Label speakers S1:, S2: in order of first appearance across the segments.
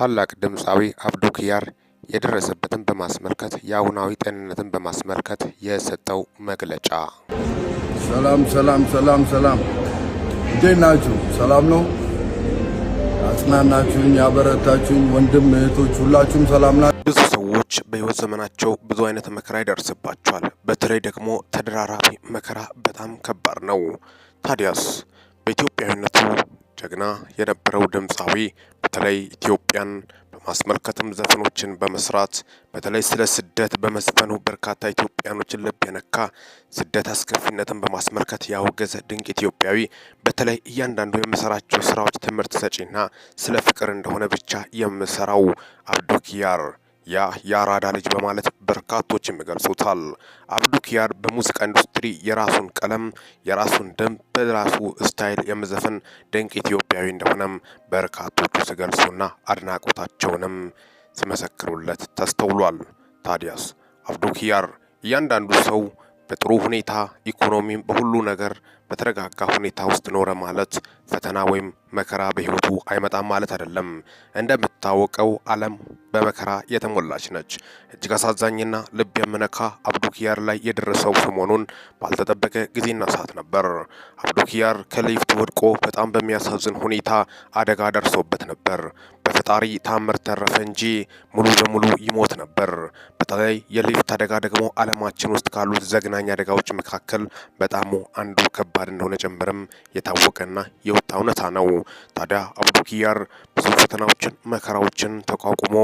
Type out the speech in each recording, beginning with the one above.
S1: ታላቅ ድምፃዊ አብዱ ኪያር የደረሰበትን በማስመልከት የአሁናዊ ጤንነትን በማስመልከት የሰጠው መግለጫ።
S2: ሰላም ሰላም ሰላም ሰላም፣ እንዴት ናችሁ? ሰላም ነው። አጽናናችሁኝ፣ ያበረታችሁኝ ወንድም እህቶች ሁላችሁም ሰላም ናችሁ።
S1: ብዙ ሰዎች በህይወት ዘመናቸው ብዙ አይነት መከራ ይደርስባቸዋል። በተለይ ደግሞ ተደራራቢ መከራ በጣም ከባድ ነው። ታዲያስ በኢትዮጵያዊነቱ ጀግና የነበረው ድምፃዊ በተለይ ኢትዮጵያን በማስመልከትም ዘፈኖችን በመስራት በተለይ ስለ ስደት በመዝፈኑ በርካታ ኢትዮጵያኖችን ልብ የነካ ስደት አስከፊነትን በማስመልከት ያወገዘ ድንቅ ኢትዮጵያዊ። በተለይ እያንዳንዱ የምሰራቸው ስራዎች ትምህርት ሰጪና ስለ ፍቅር እንደሆነ ብቻ የምሰራው አብዱኪያር ያ የአራዳ ልጅ በማለት በርካቶችም ይገልጹታል። አብዱ ኪያር በሙዚቃ ኢንዱስትሪ የራሱን ቀለም የራሱን ደም በራሱ ስታይል የመዘፈን ድንቅ ኢትዮጵያዊ እንደሆነም በርካቶቹ ሲገልጹና አድናቆታቸውንም ሲመሰክሩለት ተስተውሏል። ታዲያስ አብዱ ኪያር እያንዳንዱ ሰው በጥሩ ሁኔታ ኢኮኖሚም በሁሉ ነገር በተረጋጋ ሁኔታ ውስጥ ኖረ ማለት ፈተና ወይም መከራ በህይወቱ አይመጣም ማለት አይደለም። እንደምታወቀው ዓለም በመከራ የተሞላች ነች። እጅግ አሳዛኝና ልብ የምነካ አብዱኪያር ላይ የደረሰው ሰሞኑን ባልተጠበቀ ጊዜና ሰዓት ነበር። አብዱኪያር ከሊፍት ወድቆ በጣም በሚያሳዝን ሁኔታ አደጋ ደርሶበት ነበር። በፈጣሪ ታምር ተረፈ እንጂ ሙሉ በሙሉ ይሞት ነበር። በተለይ የሊፍት አደጋ ደግሞ ዓለማችን ውስጥ ካሉት ዘግናኝ አደጋዎች መካከል በጣሙ አንዱ ከባድ ከባድ እንደሆነ ጭምርም የታወቀና የወጣ እውነታ ነው። ታዲያ አብዱ ኪያር ብዙ ፈተናዎችን፣ መከራዎችን ተቋቁሞ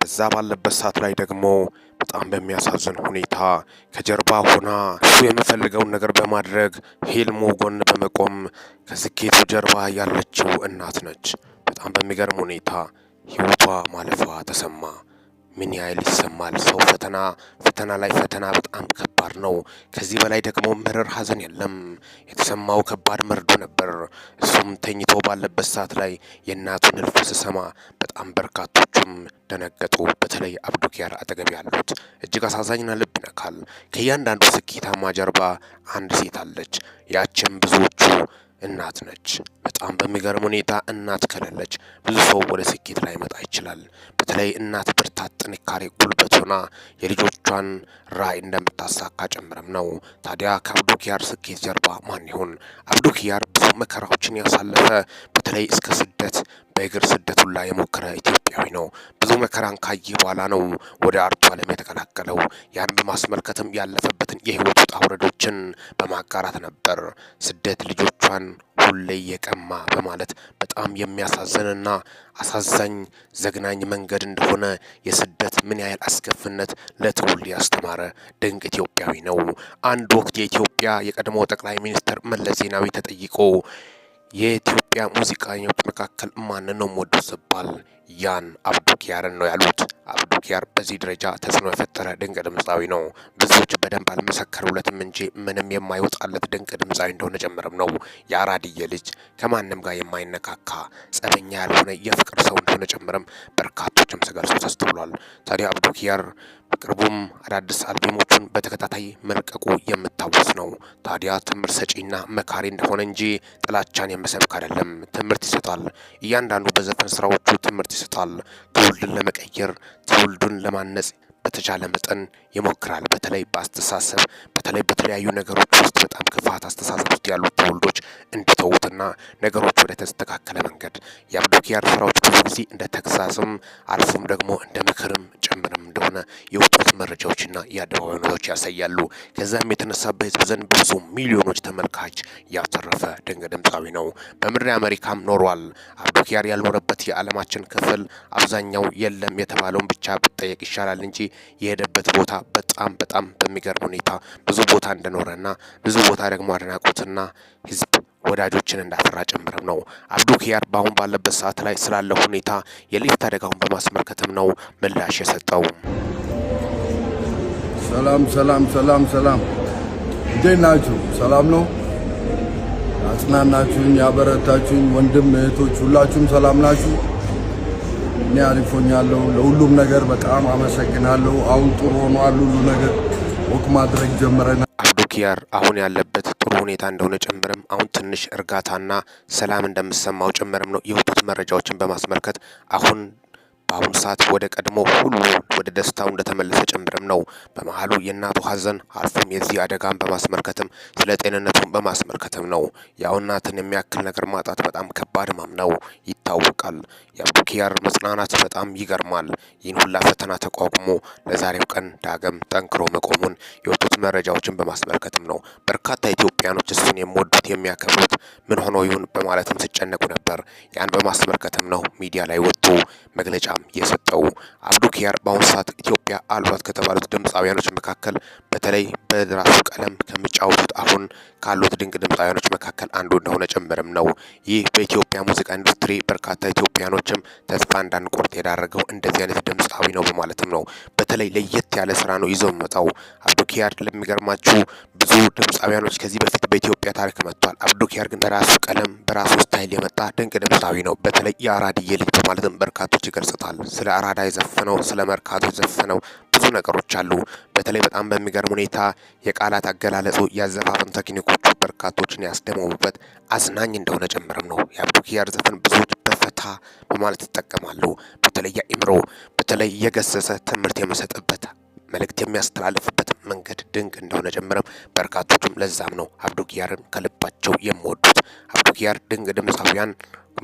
S1: በዛ ባለበት ሰዓት ላይ ደግሞ በጣም በሚያሳዝን ሁኔታ ከጀርባ ሆና እሱ የምፈልገውን ነገር በማድረግ ሄልሞ ጎን በመቆም ከስኬቱ ጀርባ ያለችው እናት ነች። በጣም በሚገርም ሁኔታ ህይወቷ ማለፏ ተሰማ። ምን ያህል ይሰማል? ሰው ፈተና ፈተና ላይ ፈተና በጣም ከባድ ነው። ከዚህ በላይ ደግሞ መረር ሀዘን የለም። የተሰማው ከባድ መርዶ ነበር። እሱም ተኝቶ ባለበት ሰዓት ላይ የእናቱን እልፍ ስሰማ በጣም በርካቶቹም ደነገጡ። በተለይ አብዱኪያር አጠገብ ያሉት እጅግ አሳዛኝና ልብ ይነካል። ከእያንዳንዱ ስኬታማ ጀርባ አንድ ሴት አለች። ያችም ብዙዎቹ እናት ነች። በጣም በሚገርም ሁኔታ እናት ከሌለች ብዙ ሰው ወደ ስኬት ላይመጣ ይችላል። በተለይ እናት ብርታት፣ ጥንካሬ፣ ጉልበት ሆና የልጆች የልጆቿን ራዕይ እንደምታሳካ ጨምረም ነው። ታዲያ ከአብዱኪያር ስኬት ጀርባ ማን ይሆን? አብዱኪያር ብዙ መከራዎችን ያሳለፈ በተለይ እስከ ስደት በእግር ስደቱን ላይ የሞከረ ኢትዮጵያዊ ነው። ብዙ መከራን ካየ በኋላ ነው ወደ አርቱ ዓለም የተቀላቀለው። ያን በማስመልከትም ያለፈበትን የህይወት ውጣ ውረዶችን በማጋራት ነበር ስደት ልጆቿን ላይ የቀማ በማለት በጣም የሚያሳዝንና አሳዛኝ ዘግናኝ መንገድ እንደሆነ የስደት ምን ያህል አስከፍነት ለትውልድ ያስተማረ ድንቅ ኢትዮጵያዊ ነው። አንድ ወቅት የኢትዮጵያ የቀድሞ ጠቅላይ ሚኒስትር መለስ ዜናዊ ተጠይቆ የኢትዮጵያ ሙዚቀኞች መካከል ማንን ነው ሞዶ ስባል ያን አብዱኪያርን ነው ያሉት። አብዱኪያር በዚህ ደረጃ ተጽዕኖ የፈጠረ ድንቅ ድምፃዊ ነው። ብዙዎች በደንብ አልመሰከሩለትም እንጂ ምንም የማይወጣለት ድንቅ ድምፃዊ እንደሆነ ጨምርም ነው። የአራድዬ ልጅ ከማንም ጋር የማይነካካ ጸበኛ ያልሆነ የፍቅር ሰው እንደሆነ ጨምርም በርካቶችም ሲገልጹ ተስተውሏል። ታዲያ አብዱኪያር በቅርቡም አዳዲስ አልበሞቹን በተከታታይ መልቀቁ የምታወስ ነው። ታዲያ ትምህርት ሰጪና መካሪ እንደሆነ እንጂ ጥላቻን የመሰብክ አይደለም። ትምህርት ይሰጣል። እያንዳንዱ በዘፈን ስራዎቹ ትምህርት ይስታል። ትውልድን ለመቀየር ትውልዱን ለማነጽ በተቻለ መጠን ይሞክራል። በተለይ በአስተሳሰብ በተለይ በተለያዩ ነገሮች ውስጥ በጣም ክፋት አስተሳሰብ ውስጥ ያሉት ትውልዶች እንዲተዉትና ነገሮች ወደ ተስተካከለ መንገድ የአብዱኪያር ስራዎች ብዙ ጊዜ እንደ ተግሳጽም አልፎም ደግሞ እንደ ምክርም ጭምርም እንደሆነ የወጡት መረጃዎችና የአደባባይ ሁኔታዎች ያሳያሉ። ከዚያም የተነሳ በህዝብ ዘንድ ብዙ ሚሊዮኖች ተመልካች ያተረፈ ድንቅ ድምፃዊ ነው። በምድር አሜሪካም ኖሯል። አብዱኪያር ያልኖረበት የዓለማችን ክፍል አብዛኛው የለም የተባለውን ብቻ ብጠየቅ ይሻላል እንጂ የሄደበት ቦታ በጣም በጣም በሚገርም ሁኔታ ብዙ ቦታ እንደኖረና ብዙ ቦታ ደግሞ አድናቆትና ህዝብ ወዳጆችን እንዳፈራ ጭምርም ነው። አብዱ ኪያር በአሁን ባለበት ሰዓት ላይ ስላለ ሁኔታ የሊፍት አደጋውን በማስመልከትም ነው ምላሽ የሰጠው።
S2: ሰላም ሰላም ሰላም ሰላም፣ እንዴት ናችሁ? ሰላም ነው። አጽናናችሁኝ፣ ያበረታችሁኝ ወንድም እህቶች ሁላችሁም ሰላም ናችሁ? እኔ አሪፍ ለሁሉም ነገር በጣም አመሰግናለሁ። አሁን ጥሩ ሆኗል። ሁሉ ነገር ወቅ ማድረግ ጀምረናል።
S1: ኪያር አሁን ያለበት ጥሩ ሁኔታ እንደሆነ ጭምርም አሁን ትንሽ እርጋታና ሰላም እንደምሰማው ጭምርም ነው የወጡት መረጃዎችን በማስመልከት አሁን በአሁኑ ሰዓት ወደ ቀድሞ ሁሉ ወደ ደስታው እንደተመለሰ ጭምርም ነው። በመሀሉ የእናቱ ሀዘን አልፎም የዚህ አደጋን በማስመልከትም ስለ ጤንነቱን በማስመልከትም ነው። ያው እናትን የሚያክል ነገር ማጣት በጣም ከባድ ማም ነው ይታወቃል። የአቡኪያር መጽናናት በጣም ይገርማል። ይህን ሁላ ፈተና ተቋቁሞ ለዛሬው ቀን ዳግም ጠንክሮ መቆሙን የወጡት መረጃዎችን በማስመልከትም ነው። በርካታ ኢትዮጵያኖች እሱን የሚወዱት የሚያከብሩት ምን ሆኖ ይሁን በማለትም ሲጨነቁ ነበር። ያን በማስመልከትም ነው ሚዲያ ላይ ወጡ መግለጫ የሰጠው። አብዱ ኪያር በአሁኑ ሰዓት ኢትዮጵያ አሏት ከተባሉት ድምፃውያኖች መካከል በተለይ በራሱ ቀለም ከሚጫወቱት አሁን ካሉት ድንቅ ድምፃውያኖች መካከል አንዱ እንደሆነ ጭምርም ነው። ይህ በኢትዮጵያ ሙዚቃ ኢንዱስትሪ በርካታ ኢትዮጵያኖችም ተስፋ እንዳንቆርጥ የዳረገው እንደዚህ አይነት ድምፃዊ ነው በማለትም ነው። በተለይ ለየት ያለ ስራ ነው ይዘው የሚመጣው አብዱ ኪያር ለሚገርማችሁ ብዙ ድምፃውያኖች ከዚህ በፊት በኢትዮጵያ ታሪክ መጥቷል። አብዱኪያር ግን በራሱ ቀለም በራሱ ስታይል የመጣ ድንቅ ድምፃዊ ነው። በተለይ የአራድዬ ልጅ በማለትም በርካቶች ይገልጹታል። ስለ አራዳ የዘፈነው ስለ መርካቶ የዘፈነው ብዙ ነገሮች አሉ። በተለይ በጣም በሚገርም ሁኔታ የቃላት አገላለጹ፣ ያዘፋፈን ቴክኒኮቹ በርካቶችን ያስደመሙበት አዝናኝ እንደሆነ ጭምርም ነው። ኪያር ዘፈን ብዙዎች በፈታ በማለት ይጠቀማሉ። በተለይ የኢምሮ በተለይ የገሰሰ ትምህርት የምሰጥበት መልእክት የሚያስተላልፍበት መንገድ ድንቅ እንደሆነ ጀምረም በርካቶቹም ለዛም ነው አብዱኪያርን ከልባቸው የሚወዱት። አብዱኪያር ድንቅ ድምፃውያን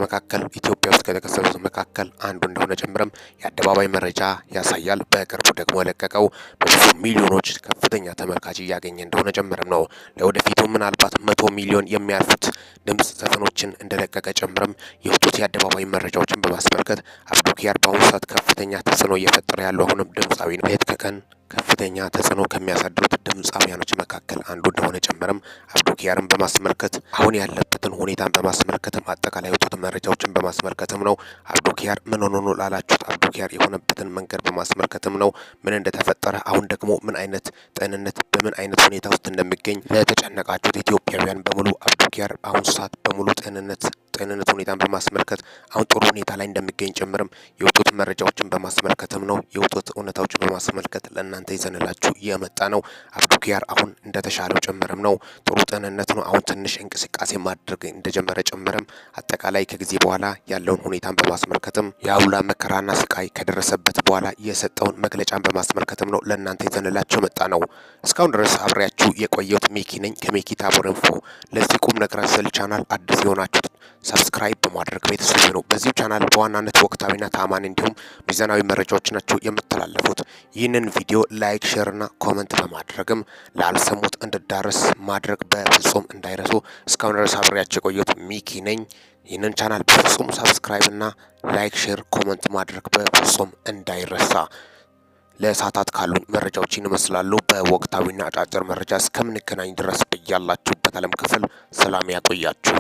S1: መካከል ኢትዮጵያ ውስጥ ከተከሰሱት መካከል አንዱ እንደሆነ ጀምረም የአደባባይ መረጃ ያሳያል። በቅርቡ ደግሞ የለቀቀው በብዙ ሚሊዮኖች ከፍተኛ ተመልካች እያገኘ እንደሆነ ጀምረም ነው። ለወደፊቱ ምናልባት መቶ ሚሊዮን የሚያልፉት ድምፅ ዘፈኖችን እንደለቀቀ ጨምረም የወጡት የአደባባይ መረጃዎችን በማስመልከት አብዱኪያር በአሁኑ ሰዓት ከፍተኛ ተጽዕኖ እየፈጠረ ያለው አሁንም ድምፃዊ ነው። ሌት ከቀን ከፍተኛ ተጽዕኖ ከሚያሳድሩት ድምፃውያኖች መካከል አንዱ እንደሆነ ጨምረም አብዱኪያርን በማስመልከት አሁን ያለበትን ሁኔታን በማስመልከትም አጠቃላይ የወጡት መረጃዎችን በማስመልከትም ነው። አብዱኪያር ምን ሆኖ ላላችሁት አብዱኪያር የሆነበትን መንገድ በማስመልከትም ነው ምን እንደተፈጠረ አሁን ደግሞ ምን አይነት ጤንነት በምን አይነት ሁኔታ ውስጥ እንደሚገኝ ለተጨነቃችሁት ኢትዮጵያውያን በሙሉ አብዱኪያር አሁን ሰዓት በሙሉ ጤንነት ጤንነት ሁኔታን በማስመልከት አሁን ጥሩ ሁኔታ ላይ እንደሚገኝ ጭምርም የወጡት መረጃዎችን በማስመልከትም ነው የወጡት እውነታዎችን በማስመልከት ለእናንተ ይዘንላችሁ የመጣ ነው። አብዱ ኪያር አሁን እንደተሻለው ጭምርም ነው ጥሩ ጤንነት ነው። አሁን ትንሽ እንቅስቃሴ ማድረግ እንደጀመረ ጭምርም አጠቃላይ ከጊዜ በኋላ ያለውን ሁኔታን በማስመልከትም የአውላ መከራና ስቃይ ከደረሰበት በኋላ የሰጠውን መግለጫን በማስመልከትም ነው ለእናንተ ይዘንላችሁ መጣ ነው። እስካሁን ድረስ አብሬያችሁ የቆየሁት ሜኪ ነኝ ከሜኪ ታቦር ኢንፎ። ለዚህ ቁም ነገር ስል ቻናል አዲስ የሆናችሁ ሰብስክራይብ በማድረግ ቤተሰብ ነው። በዚህ ቻናል በዋናነት ወቅታዊና ታማኝ እንዲሁም ሚዛናዊ መረጃዎች ናቸው የምተላለፉት። ይህንን ቪዲዮ ላይክ፣ ሼር እና ኮመንት በማድረግም ላልሰሙት እንድዳረስ ማድረግ በፍጹም እንዳይረሱ። እስካሁን ድረስ አብሬያቸው የቆየሁት ሚኪ ነኝ። ይህንን ቻናል በፍጹም ሰብስክራይብ እና ላይክ፣ ሼር፣ ኮመንት ማድረግ በፍጹም እንዳይረሳ። ለሰዓታት ካሉኝ መረጃዎች ይመስላሉ። በወቅታዊና አጫጭር መረጃ እስከምንገናኝ ድረስ በያላችሁበት ዓለም ክፍል ሰላም ያቆያችሁ።